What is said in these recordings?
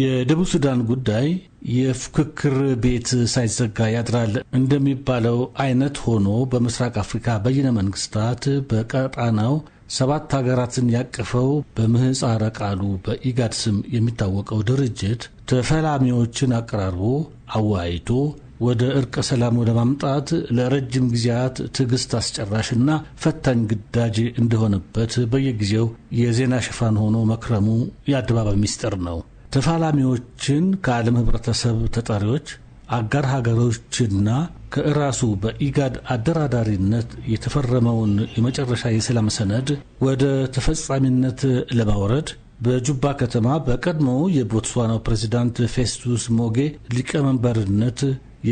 የደቡብ ሱዳን ጉዳይ የፉክክር ቤት ሳይዘጋ ያድራል እንደሚባለው አይነት ሆኖ በምስራቅ አፍሪካ በይነ መንግስታት በቀጣናው ሰባት ሀገራትን ያቀፈው በምህፃረ ቃሉ በኢጋድ ስም የሚታወቀው ድርጅት ተፈላሚዎችን አቀራርቦ አወያይቶ ወደ እርቀ ሰላም ወደ ማምጣት ለረጅም ጊዜያት ትዕግስት አስጨራሽና ፈታኝ ግዳጅ እንደሆነበት በየጊዜው የዜና ሽፋን ሆኖ መክረሙ የአደባባይ ሚስጥር ነው። ተፋላሚዎችን ከዓለም ህብረተሰብ ተጠሪዎች፣ አጋር ሀገሮችና ከእራሱ በኢጋድ አደራዳሪነት የተፈረመውን የመጨረሻ የሰላም ሰነድ ወደ ተፈጻሚነት ለማውረድ በጁባ ከተማ በቀድሞው የቦትስዋናው ፕሬዚዳንት ፌስቱስ ሞጌ ሊቀመንበርነት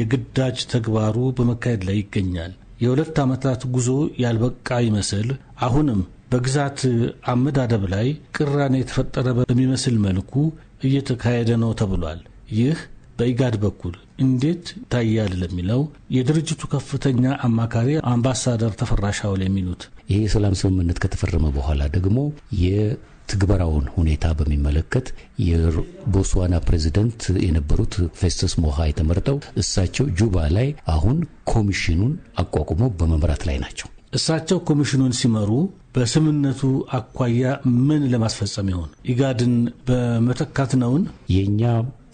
የግዳጅ ተግባሩ በመካሄድ ላይ ይገኛል። የሁለት ዓመታት ጉዞ ያልበቃ ይመስል አሁንም በግዛት አመዳደብ ላይ ቅራኔ የተፈጠረ በሚመስል መልኩ እየተካሄደ ነው ተብሏል። ይህ በኢጋድ በኩል እንዴት ይታያል ለሚለው የድርጅቱ ከፍተኛ አማካሪ አምባሳደር ተፈራ ሻውል የሚሉት ይሄ የሰላም ስምምነት ከተፈረመ በኋላ ደግሞ የትግበራውን ሁኔታ በሚመለከት የቦስዋና ፕሬዚደንት የነበሩት ፌስተስ ሞሃ የተመርጠው እሳቸው ጁባ ላይ አሁን ኮሚሽኑን አቋቁመው በመምራት ላይ ናቸው። እሳቸው ኮሚሽኑን ሲመሩ በስምነቱ አኳያ ምን ለማስፈጸም ይሆን? ኢጋድን በመተካት ነውን? የእኛ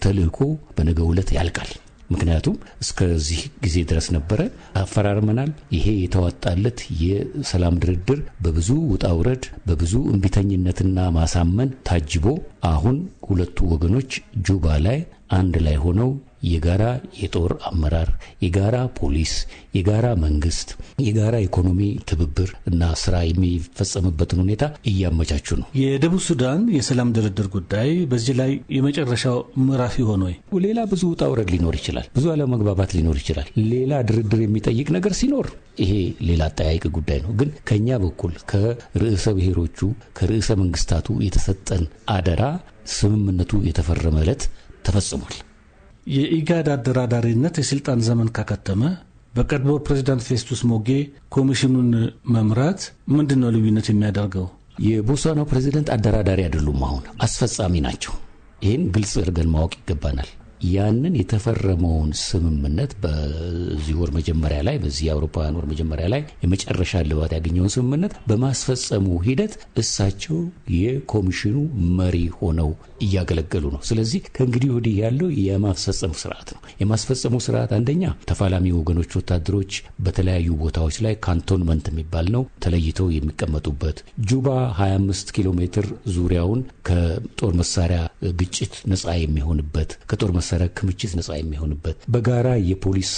ተልእኮ በነገ ዕለት ያልቃል። ምክንያቱም እስከዚህ ጊዜ ድረስ ነበረ፣ አፈራርመናል። ይሄ የተዋጣለት የሰላም ድርድር በብዙ ውጣ ውረድ፣ በብዙ እምቢተኝነትና ማሳመን ታጅቦ አሁን ሁለቱ ወገኖች ጁባ ላይ አንድ ላይ ሆነው የጋራ የጦር አመራር፣ የጋራ ፖሊስ፣ የጋራ መንግስት፣ የጋራ ኢኮኖሚ ትብብር እና ስራ የሚፈጸምበትን ሁኔታ እያመቻቹ ነው። የደቡብ ሱዳን የሰላም ድርድር ጉዳይ በዚህ ላይ የመጨረሻው ምዕራፍ ይሆን ወይ? ሌላ ብዙ ውጣ ውረድ ሊኖር ይችላል። ብዙ አለመግባባት ሊኖር ይችላል። ሌላ ድርድር የሚጠይቅ ነገር ሲኖር ይሄ ሌላ አጠያቂ ጉዳይ ነው። ግን ከኛ በኩል ከርዕሰ ብሔሮቹ ከርዕሰ መንግስታቱ የተሰጠን አደራ ስምምነቱ የተፈረመ ዕለት ተፈጽሟል። የኢጋድ አደራዳሪነት የስልጣን ዘመን ካከተመ በቀድሞ ፕሬዚዳንት ፌስቱስ ሞጌ ኮሚሽኑን መምራት ምንድን ነው ልዩነት የሚያደርገው? የቦትስዋናው ፕሬዚደንት አደራዳሪ አይደሉም፣ አሁን አስፈጻሚ ናቸው። ይህን ግልጽ አድርገን ማወቅ ይገባናል። ያንን የተፈረመውን ስምምነት በዚህ ወር መጀመሪያ ላይ በዚህ የአውሮፓውያን ወር መጀመሪያ ላይ የመጨረሻ ልባት ያገኘውን ስምምነት በማስፈጸሙ ሂደት እሳቸው የኮሚሽኑ መሪ ሆነው እያገለገሉ ነው። ስለዚህ ከእንግዲህ ወዲህ ያለው የማስፈጸሙ ስርዓት ነው። የማስፈጸሙ ስርዓት አንደኛ ተፋላሚ ወገኖች ወታደሮች በተለያዩ ቦታዎች ላይ ካንቶንመንት የሚባል ነው ተለይተው የሚቀመጡበት ጁባ 25 ኪሎ ሜትር ዙሪያውን ከጦር መሳሪያ ግጭት ነጻ የሚሆንበት ከጦር መሳሪያ ክምችት ነጻ የሚሆንበት፣ በጋራ የፖሊስ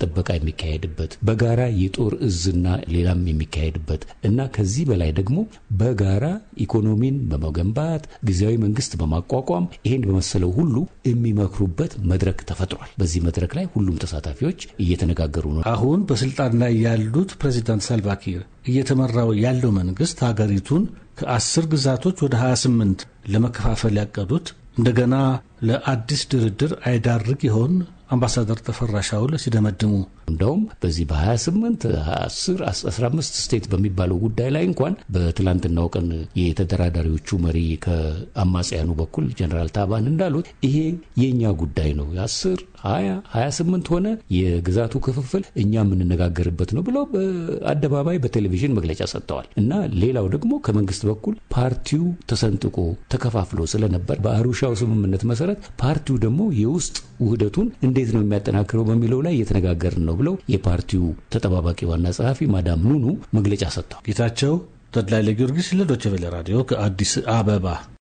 ጥበቃ የሚካሄድበት፣ በጋራ የጦር እዝና ሌላም የሚካሄድበት እና ከዚህ በላይ ደግሞ በጋራ ኢኮኖሚን በመገንባት ጊዜያዊ መንግስት በማቋቋም ይሄን በመሰለው ሁሉ የሚመክሩበት መድረክ ተፈጥሯል። በዚህ መድረክ ላይ ሁሉም ተሳታፊዎች እየተነጋገሩ ነው። አሁን በስልጣን ላይ ያሉት ፕሬዚዳንት ሳልቫኪር እየተመራው ያለው መንግስት ሀገሪቱን ከአስር ግዛቶች ወደ 28 ለመከፋፈል ያቀዱት እንደገና ለአዲስ ድርድር አይዳርግ ይሆን? አምባሳደር ተፈራ ሻውል ሲደመድሙ እንደውም በዚህ በ28 10 15 ስቴት በሚባለው ጉዳይ ላይ እንኳን በትላንትናው ቀን የተደራዳሪዎቹ መሪ ከአማጽያኑ በኩል ጀኔራል ታባን እንዳሉት ይሄ የእኛ ጉዳይ ነው፣ የ10 ሀያ ሀያ ስምንት ሆነ የግዛቱ ክፍፍል እኛ የምንነጋገርበት ነው ብለው በአደባባይ በቴሌቪዥን መግለጫ ሰጥተዋል። እና ሌላው ደግሞ ከመንግስት በኩል ፓርቲው ተሰንጥቆ ተከፋፍሎ ስለነበር በአሩሻው ስምምነት መሰረት ፓርቲው ደግሞ የውስጥ ውህደቱን እንዴት ነው የሚያጠናክረው በሚለው ላይ እየተነጋገርን ነው ብለው የፓርቲው ተጠባባቂ ዋና ጸሐፊ ማዳም ኑኑ መግለጫ ሰጥተዋል። ጌታቸው ተድላይ ለጊዮርጊስ ለዶቸቬለ ራዲዮ ከአዲስ አበባ